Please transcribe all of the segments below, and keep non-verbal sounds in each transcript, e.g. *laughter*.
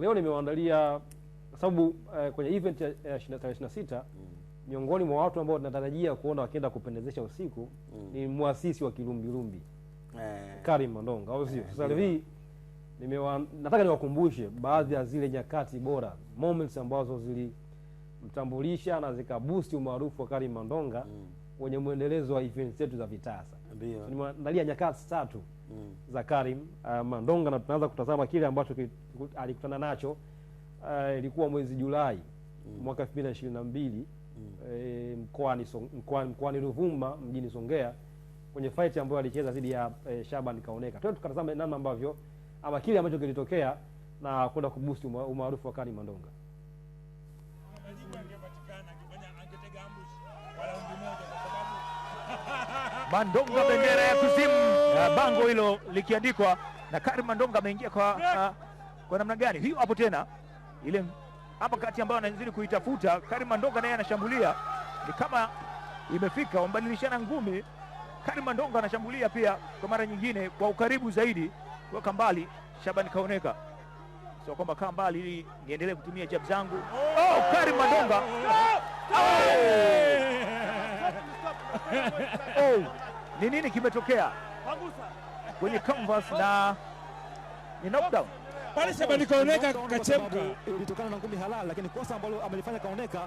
leo nimewaandalia kwa sababu eh, kwenye event ya tarehe ishirini na sita mm. miongoni mwa watu ambao tunatarajia kuona wakienda kupendezesha usiku mm. ni mwasisi wa Kilumbilumbi eh. Karim Mandonga au sio? Eh, Sasa hivi nataka niwakumbushe baadhi ya zile nyakati bora moments ambazo zilimtambulisha na zikabusti umaarufu wa Karim Mandonga mm. kwenye mwendelezo wa events zetu za Vitasa. Ndiyo. Nimeandalia nyakati tatu mm. za Karim uh, Mandonga, na tunaanza kutazama kile ambacho alikutana nacho uh, ilikuwa mwezi Julai mm. mwaka 2022 mm. e, mkoani mkoani mkoani Ruvuma mjini Songea kwenye fight ambayo alicheza dhidi ya e, Shaban Kaoneka. Tuende tukatazame namna ambavyo ama kile ambacho kilitokea na kwenda kuboost umaarufu wa Karim Mandonga. Mandonga, bendera ya kuzimu, ah, bango hilo likiandikwa na Karim Mandonga. Ameingia kwa, uh, kwa namna gani hiyo? Hapo tena ile hapa kati ambayo anazidi kuitafuta Karim Mandonga, naye anashambulia, ni kama imefika, wamebadilishana ngumi. Karim Mandonga anashambulia pia kwa mara nyingine kwa ukaribu zaidi, kuweka mbali Shaban Kaoneka. Sio kwamba kaa mbali ili niendelee kutumia jab zangu. Oh, Karim Mandonga oh! oh, ni nini kimetokea kwenye canvas na ni knockdown pale Shabani Kaoneka kachemka, ilitokana na ngumi halali, lakini kosa ambalo amelifanya Kaoneka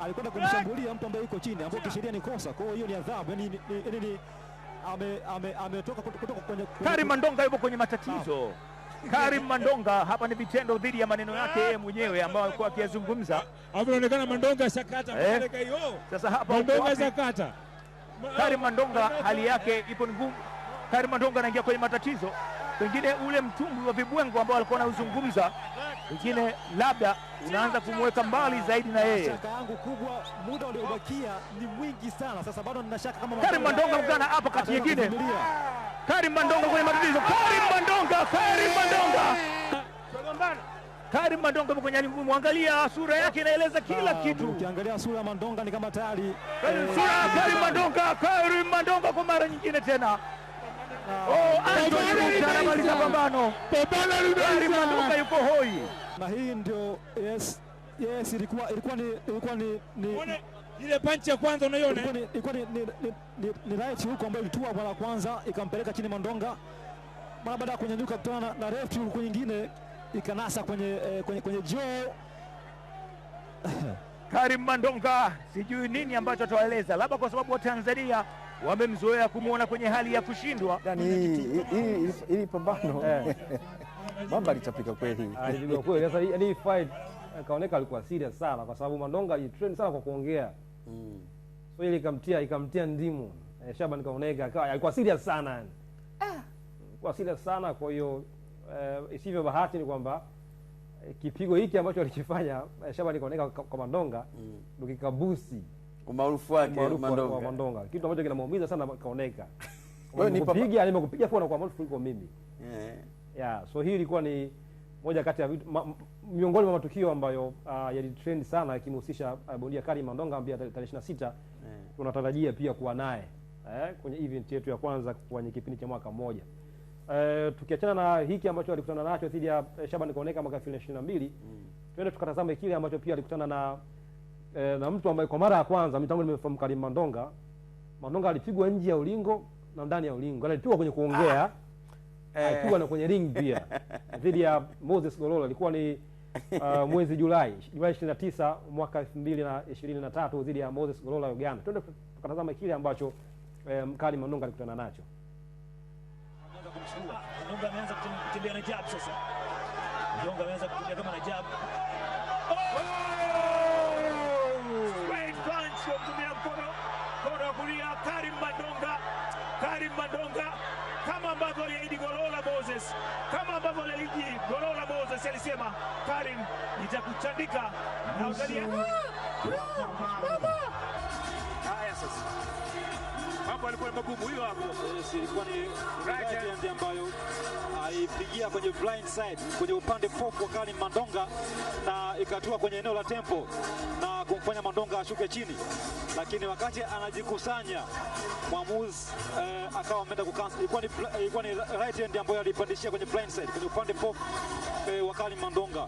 alikwenda kumshambulia mtu ambaye yuko chini, ambapo kisheria ni kosa. Kwa hiyo ni adhabu, yani ni ni, ame ame ametoka kutoka kwenye. Karim Mandonga yupo kwenye matatizo. Karim Mandonga hapa ni vitendo dhidi ya maneno yake yeye mwenyewe ambao alikuwa akiyazungumza. Ameonekana Mandonga shakata, eh? Sasa hapa Mandonga shakata Karim Mandonga hali yake ipo ngumu. Karim Mandonga anaingia kwenye matatizo, pengine ule mtumbwi wa vibwengo ambao alikuwa anauzungumza, pengine labda unaanza kumweka mbali zaidi na yeye. Shaka yangu kubwa, muda uliobakia ni mwingi sana. Sasa bado nina shaka kama Karim Mandonga mkana hapa kati nyingine, Karim Mandonga kwenye matatizo, Karim Mandonga, Karim Mandonga Karim Mandonga yupo kwenye mgumu, sura yake inaeleza kila ah, kitu. Ukiangalia sura ya Mandonga ni kama tayari eh, sura ya Karim Mandonga. Karim Mandonga kwa mara nyingine tena ah, oh, anamaliza pambano. Karim Mandonga yuko hoi, na hii ndio yes, yes, ilikuwa ilikuwa ni ilikuwa ni, ni ile panchi ya kwanza unaiona ilikuwa ni, ni, ni, ni, ni right huko ambayo ilitua bwana kwanza ikampeleka chini Mandonga, mara baada ya kunyanyuka kutana na, na refu huko nyingine ikanasa kwenye, eh, kwenye, kwenye joo *laughs* Karim Mandonga, sijui nini ambacho atawaeleza, labda kwa sababu Watanzania wamemzoea kumwona kwenye hali ya kushindwa. Yaani Hili pambano Mamba eh. *laughs* alichapika kweli, alipigwa ah, kweli. Sasa hii fight eh, kaoneka alikuwa serious sana, kwa sababu Mandonga alitrain sana kwa kuongea mm. so ile ikamtia ikamtia ndimu Shaban kaoneka alikuwa serious sana yani ah. alikuwa serious sana, kwa hiyo uh, isivyo bahati ni kwamba eh, kipigo hiki ambacho alikifanya eh, Shabani Kaoneka kwa Mandonga mm. ndo kikabusi umaarufu wake Mandonga, Mandonga, kitu ambacho kinamuumiza sana Kaoneka. *laughs* Wewe nipiga nimekupiga kwa kwa maarufu kuliko mimi yeah. yeah. so hii ilikuwa ni moja kati ya miongoni mwa matukio ambayo uh, yalitrend sana yakimhusisha uh, bondia Kali Mandonga ambaye tarehe 26 yeah. tunatarajia pia kuwa naye eh, kwenye event yetu ya kwanza kwenye kipindi cha mwaka mmoja. E, tukiachana na hiki ambacho alikutana nacho dhidi ya eh, Shaban Koneka mwaka 2022 mm. Twende tukatazame kile ambacho pia alikutana na e, na mtu ambaye kwa mara ya kwanza mimi nimefahamu Karim Mandonga. Mandonga alipigwa nje ya ulingo na ndani ya ulingo. Alipigwa kwenye kuongea. Ah. Eh. na kwenye ring pia. dhidi ya Moses Gololo alikuwa ni uh, mwezi Julai, Julai 29 mwaka 2023 dhidi ya Moses Gololo ya Uganda. Twende tukatazame kile ambacho eh, Karim Mandonga alikutana nacho huo. Nyonga ameanza kutembea na jab sasa. Nyonga ameanza kutembea kama na jab. Straight punch kwa Karim Mandonga. Karim Mandonga kama ambavyo aliahidi Golola Moses, kama ambavyo aliahidi Golola Moses, alisema Karim, nitakuchandika na utalia. Haya sasa hapo alikuwa magumu. Hiyo hapo ilikuwa ni right hand ambayo alipigia kwenye blind side, kwenye upande pofu wa Karim Mandonga na ikatua kwenye eneo la tempo na kumfanya Mandonga ashuke chini, lakini wakati anajikusanya mwamuzi eh, akawa ameenda kukansel. Ilikuwa ni, ilikuwa ni right hand ambayo alipandishia kwenye blind side, kwenye upande pofu eh, wa Karim Mandonga.